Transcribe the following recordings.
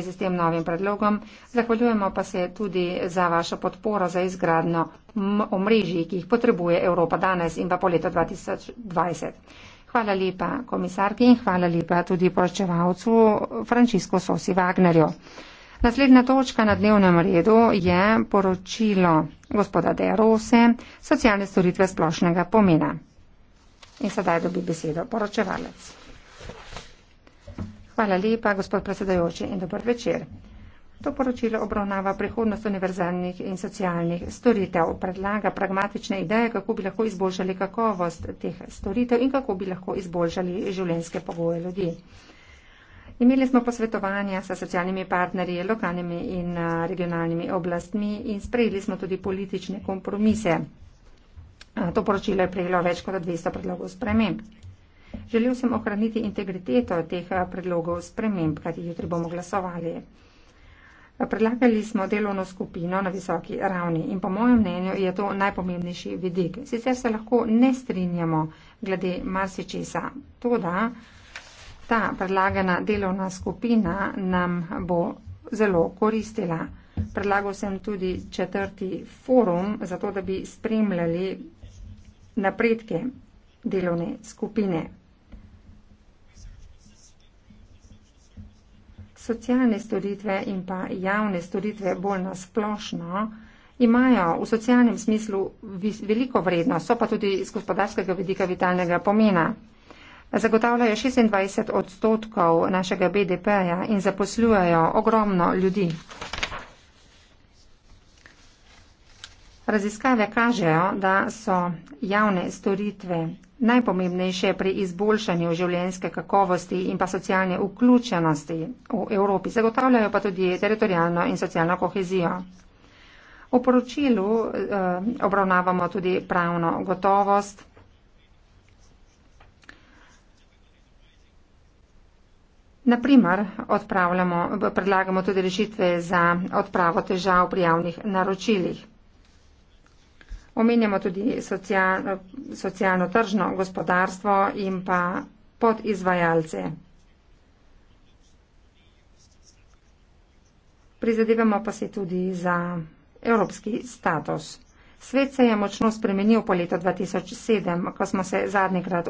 zvezi s tem novim predlogom. Zahvaljujemo pa se tudi za vašo podporo za izgradno omrežij, ki jih potrebuje Evropa danes in pa po leto 2020. Hvala lepa komisarki in hvala lepa tudi poročevalcu Francisco Sosi Wagnerju. Naslednja točka na dnevnem redu je poročilo gospoda De Rose, socialne storitve splošnega pomena. In sedaj dobi besedo poročevalec. Hvala lepa, gospod predsedajoči, in dobr večer. To poročilo obravnava prihodnost univerzalnih in socialnih storitev, predlaga pragmatične ideje, kako bi lahko izboljšali kakovost teh storitev in kako bi lahko izboljšali življenjske pogoje ljudi. Imeli smo posvetovanja s socialnimi partnerji, lokalnimi in regionalnimi oblastmi in sprejeli smo tudi politične kompromise. To poročilo je prejelo več kot 200 predlogov sprememb. Želel sem ohraniti integriteto teh eh, predlogov sprememb, kajti jutri bomo glasovali. Predlagali smo delovno skupino na visoki ravni in po mojem mnenju je to najpomembnejši vidik. Sicer se lahko ne strinjamo glede marsičesa. To, da ta predlagana delovna skupina nam bo zelo koristila. Predlagal sem tudi četrti forum, zato da bi spremljali napredke delovne skupine. socialne storitve in pa javne storitve bolj nasplošno imajo v socialnem smislu veliko vrednost, so pa tudi iz gospodarskega vidika vitalnega pomena. Zagotavljajo 26 odstotkov našega BDP-ja in zaposlujejo ogromno ljudi. Raziskave kažejo, da so javne storitve najpomembnejše pri izboljšanju življenjske kakovosti in pa socialne vključenosti v Evropi, zagotavljajo pa tudi teritorijalno in socialno kohezijo. V poročilu eh, obravnavamo tudi pravno gotovost. Naprimer, predlagamo tudi rešitve za odpravo težav pri javnih naročilih. Omenjamo tudi social, socialno tržno gospodarstvo in pa podizvajalce. Prizadevamo pa se tudi za evropski status. Svet se je močno spremenil po letu 2007, ko smo se zadnjikrat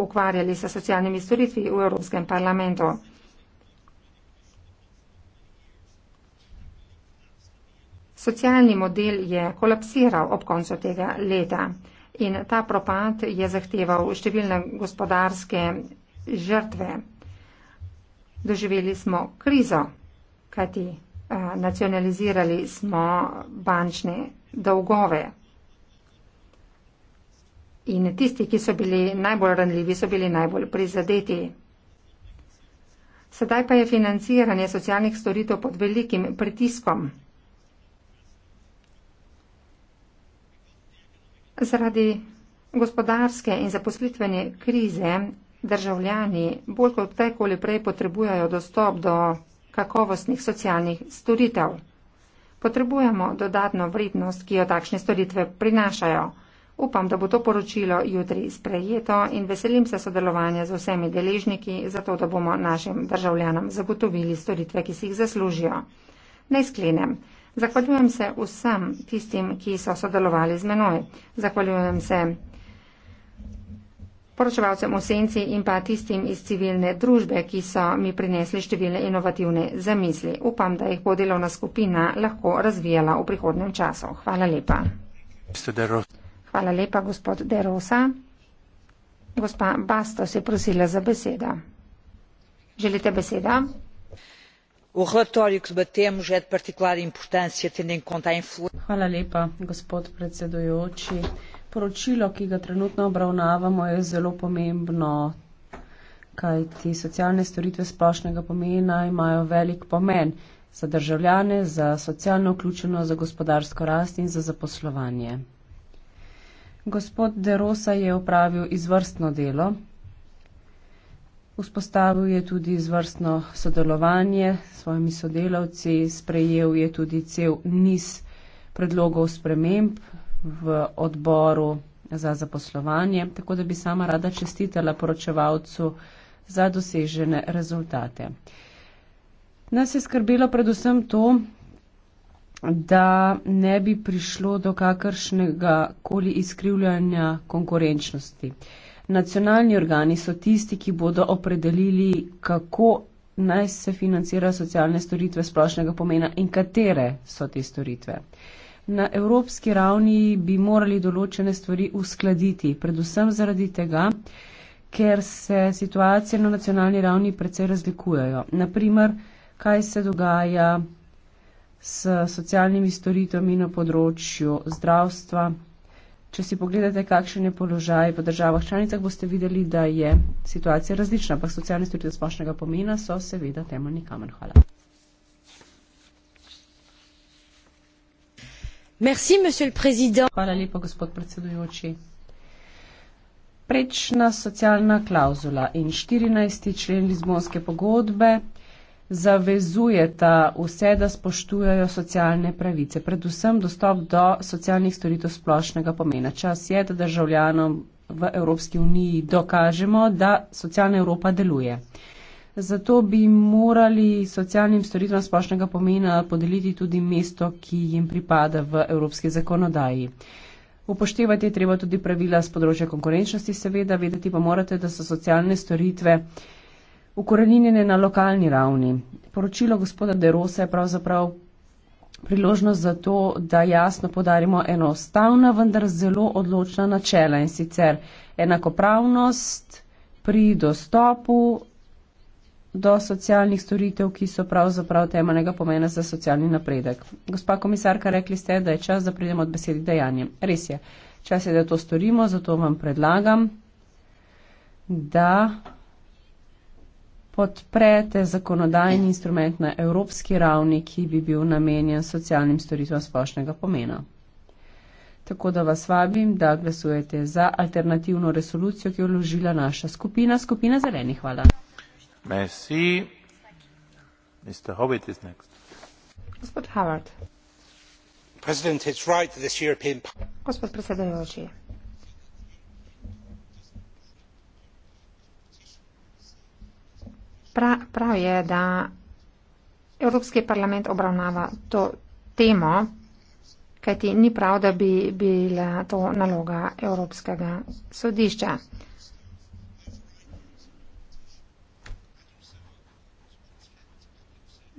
ukvarjali sa socialnimi storitvi v Evropskem parlamentu. Socialni model je kolapsiral ob koncu tega leta in ta propad je zahteval številne gospodarske žrtve. Doživeli smo krizo, kajti eh, nacionalizirali smo bančne dolgove. In tisti, ki so bili najbolj ranljivi, so bili najbolj prizadeti. Sedaj pa je financiranje socialnih storitev pod velikim pritiskom. Zaradi gospodarske in zaposlitvene krize državljani bolj kot kdajkoli prej potrebujejo dostop do kakovostnih socialnih storitev. Potrebujemo dodatno vrednost, ki jo takšne storitve prinašajo. Upam, da bo to poročilo jutri sprejeto in veselim se sodelovanja z vsemi deležniki, zato da bomo našim državljanom zagotovili storitve, ki si jih zaslužijo. Naj sklenem. Zahvaljujem se vsem tistim, ki so sodelovali z menoj. Zahvaljujem se poročevalcem v senci in pa tistim iz civilne družbe, ki so mi prinesli številne inovativne zamisli. Upam, da jih bo delovna skupina lahko razvijala v prihodnem času. Hvala lepa. Hvala lepa, gospod Derosa. Gospa Basto se je prosila za besedo. Želite besedo? o relatório que debatemos é de particular importância tendo em conta a influência kajti socialne storitve splošnega pomena imajo velik pomen za državljane, za socialno vključeno, za gospodarsko rast in za zaposlovanje. Gospod Derosa je upravil izvrstno delo. Vzpostavil je tudi izvrstno sodelovanje s svojimi sodelavci, sprejel je tudi cel niz predlogov sprememb v odboru za zaposlovanje, tako da bi sama rada čestitela poročevalcu za dosežene rezultate. Nas je skrbelo predvsem to, da ne bi prišlo do kakršnega koli izkrivljanja konkurenčnosti. Uh, nacionalni organi so tisti, ki bodo opredelili, kako naj se financira socialne storitve splošnega pomena in katere so te storitve. Na evropski ravni bi morali določene stvari uskladiti, predvsem zaradi tega, ker se situacije na nacionalni ravni precej razlikujejo. Naprimer, kaj se dogaja s socialnimi storitvami na področju zdravstva, Če si pogledate, kakšen je položaj v državah članicah, boste videli, da je situacija različna, ampak socialne storitve splošnega pomena so seveda temeljni kamen. Hvala. Merci, Hvala lepa, gospod predsedujoči. Prečna socialna klauzula in 14. člen Lizbonske pogodbe zavezujeta vse, da spoštujajo socialne pravice, predvsem dostop do socialnih storitev splošnega pomena. Čas je, da državljanom v Evropski uniji dokažemo, da socialna Evropa deluje. Zato bi morali socialnim storitvam splošnega pomena podeliti tudi mesto, ki jim pripada v evropski zakonodaji. Upoštevati je treba tudi pravila z področja konkurenčnosti, seveda, vedeti pa morate, da so socialne storitve ukorenjene na lokalni ravni. Poročilo gospoda Derosa je pravzaprav priložnost za to, da jasno podarimo enostavna, vendar zelo odločna načela in sicer enakopravnost pri dostopu do socialnih storitev, ki so pravzaprav temeljnega pomena za socialni napredek. Gospa komisarka, rekli ste, da je čas, da pridemo od besedi dejanjem. Res je, čas je, da to storimo, zato vam predlagam, da podprete zakonodajni instrument na evropski ravni, ki bi bil namenjen socialnim storitvam splošnega pomena. Tako da vas vabim, da glasujete za alternativno resolucijo, ki jo vložila naša skupina, skupina zelenih. Hvala. Merci. Mr. Hobbit is next. Gospod Howard. President, it's right that this European... Gospod predsednik, oči. Prav, prav je, da Evropski parlament obravnava to temo, kajti ni prav, da bi bila to naloga Evropskega sodišča.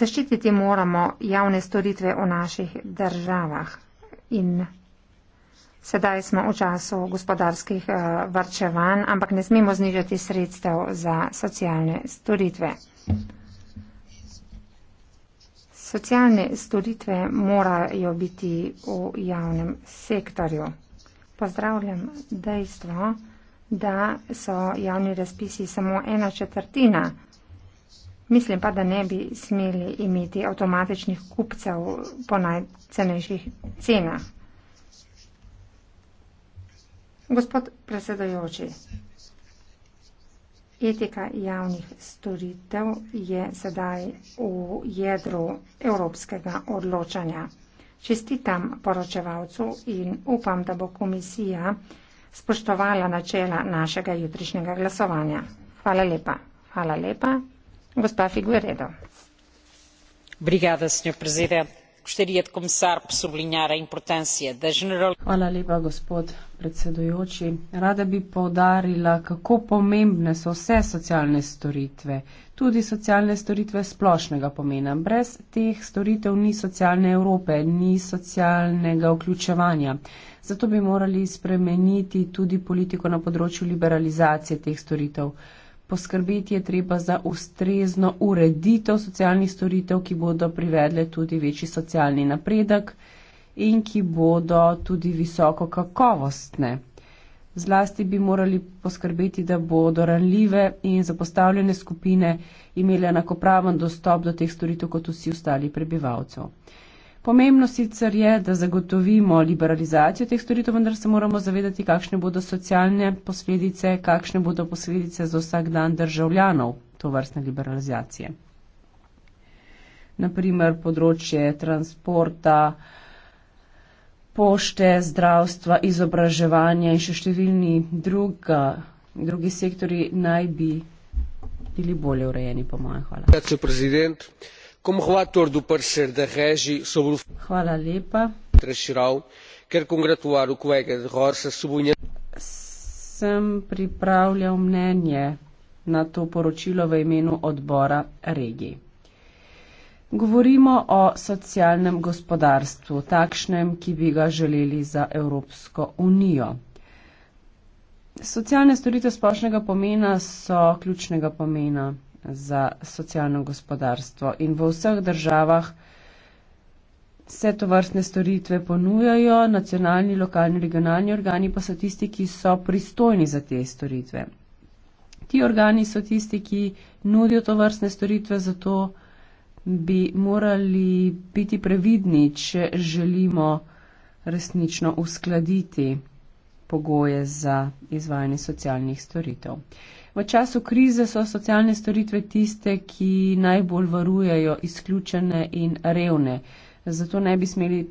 Zaščititi moramo javne storitve v naših državah in državah. Sedaj smo v času gospodarskih eh, varčevanj, ampak ne smemo znižati sredstev za socialne storitve. Socialne storitve morajo biti v javnem sektorju. Pozdravljam dejstvo, da so javni razpisi samo ena četrtina. Mislim pa, da ne bi smeli imeti avtomatičnih kupcev po najcenejših cenah. Gospod predsedajoči, etika javnih storitev je sedaj v jedru evropskega odločanja. Čestitam poročevalcu in upam, da bo komisija spoštovala načela našega jutrišnjega glasovanja. Hvala lepa. Hvala lepa. Gospa Figueredo. Obrigada, senjor predsednik gospod predsedujoči rada bi poudarila da je importantno da je generalna gospod predsedujoči rada bi poudarila kako pomembne so vse socialne storitve tudi socialne storitve splošnega pomena brez teh storitev ni socialne Evrope ni socialnega vključevanja zato bi morali spremeniti tudi politiko na področju liberalizacije teh storitev poskrbeti je treba za ustrezno ureditev socialnih storitev, ki bodo privedle tudi večji socialni napredek in ki bodo tudi visoko kakovostne. Zlasti bi morali poskrbeti, da bodo ranljive in zapostavljene skupine imele enakopraven dostop do teh storitev kot vsi ostali prebivalcev. Pomembno sicer je, da zagotovimo liberalizacijo teh storitev, vendar se moramo zavedati, kakšne bodo socialne posledice, kakšne bodo posledice za vsak dan državljanov to vrstne liberalizacije. Naprimer področje transporta, pošte, zdravstva, izobraževanja in še številni druga, drugi sektori naj bi bili bolje urejeni, po mojem. Hvala. Hvala, predsednik. Como relator do parecer da Regi sobre o Hvala lepa. Trasheral, quero congratular o colega de Rosa Subunha. Sem pripravljal mnenje na to poročilo v imenu odbora regij. Govorimo o socialnem gospodarstvu, takšnem, ki bi ga želeli za Evropsko unijo. Socialne storitve splošnega pomena so ključnega pomena za socialno gospodarstvo. In v vseh državah se to vrstne storitve ponujajo, nacionalni, lokalni, regionalni organi pa so tisti, ki so pristojni za te storitve. Ti organi so tisti, ki nudijo to vrstne storitve, zato bi morali biti previdni, če želimo resnično uskladiti pogoje za izvajanje socialnih storitev. V času krize so socialne storitve tiste, ki najbolj varujejo izključene in revne. Zato ne bi smeli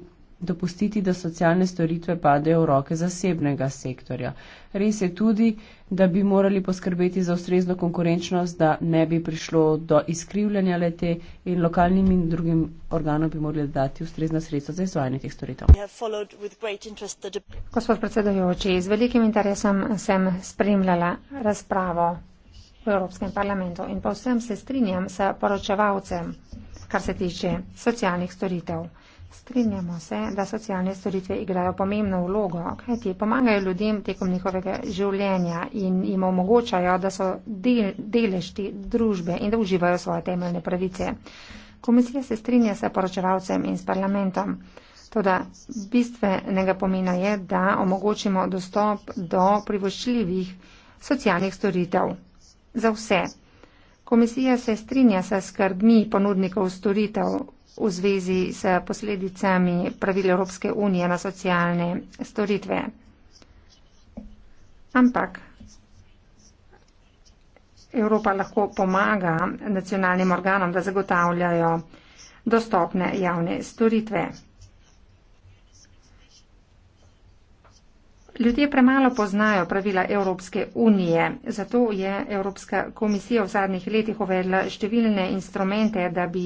dopustiti, da socialne storitve padejo v roke zasebnega sektorja. Res je tudi, da bi morali poskrbeti za ustrezno konkurenčnost, da ne bi prišlo do izkrivljanja lete in lokalnim in drugim organom bi morali dati ustrezna sredstva za izvajanje teh storitev. Gospod predsedujoči, z velikim interesom sem spremljala razpravo v Evropskem parlamentu in povsem se strinjam s poročevalcem, kar se tiče socialnih storitev. Strinjamo se, da socialne storitve igrajo pomembno vlogo, kajti pomagajo ljudem tekom njihovega življenja in jim omogočajo, da so del, delež te družbe in da uživajo svoje temeljne pravice. Komisija se strinja s poročevalcem in s parlamentom. Toda bistvenega pomena je, da omogočimo dostop do privoščljivih socialnih storitev za vse. Komisija se strinja s skrbmi ponudnikov storitev v zvezi s posledicami pravil Evropske unije na socialne storitve. Ampak Evropa lahko pomaga nacionalnim organom, da zagotavljajo dostopne javne storitve. Ljudje premalo poznajo pravila Evropske unije, zato je Evropska komisija v zadnjih letih uvedla številne instrumente, da bi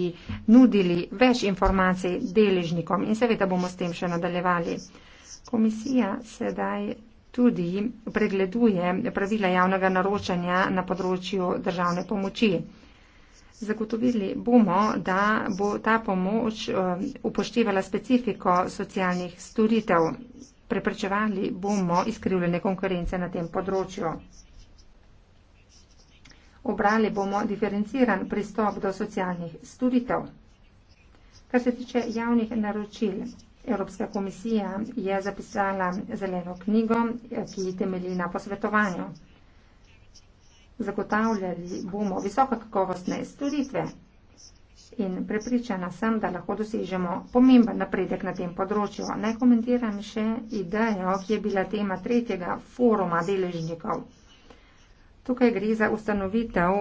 nudili več informacij deležnikom in seveda bomo s tem še nadaljevali. Komisija sedaj tudi pregleduje pravila javnega naročanja na področju državne pomoči. Zagotovili bomo, da bo ta pomoč eh, upoštevala specifiko socialnih storitev preprečevali bomo izkrivljene konkurence na tem področju. Obrali bomo diferenciran pristop do socialnih storitev. Kar se tiče javnih naročil, Evropska komisija je zapisala zeleno knjigo, ki temelji na posvetovanju. Zagotavljali bomo visokokakovostne storitve, in prepričana sem, da lahko dosežemo pomemben napredek na tem področju. Naj komentiram še idejo, ki je bila tema tretjega foruma deležnikov. Tukaj gre za ustanovitev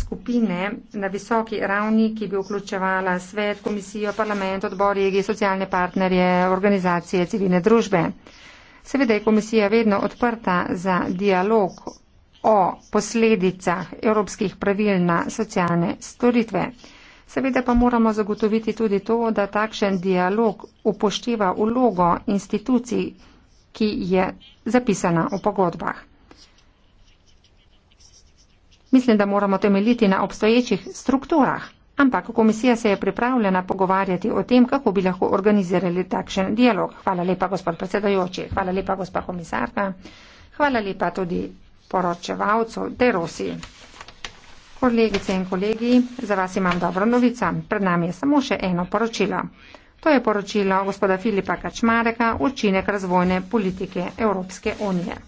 skupine na visoki ravni, ki bi vključevala svet, komisijo, parlament, odbor, regije, socialne partnerje, organizacije, civilne družbe. Seveda je komisija vedno odprta za dialog o posledicah evropskih pravil na socialne storitve. Seveda pa moramo zagotoviti tudi to, da takšen dialog upošteva vlogo institucij, ki je zapisana v pogodbah. Mislim, da moramo temeljiti na obstoječih strukturah, ampak komisija se je pripravljena pogovarjati o tem, kako bi lahko organizirali takšen dialog. Hvala lepa, gospod predsedajoči, hvala lepa, gospod komisarka, hvala lepa tudi poročevalcu Derosi kolegice in kolegi, za vas imam dobro novico. Pred nami je samo še eno poročilo. To je poročilo gospoda Filipa Kačmareka, učinek razvojne politike Evropske unije.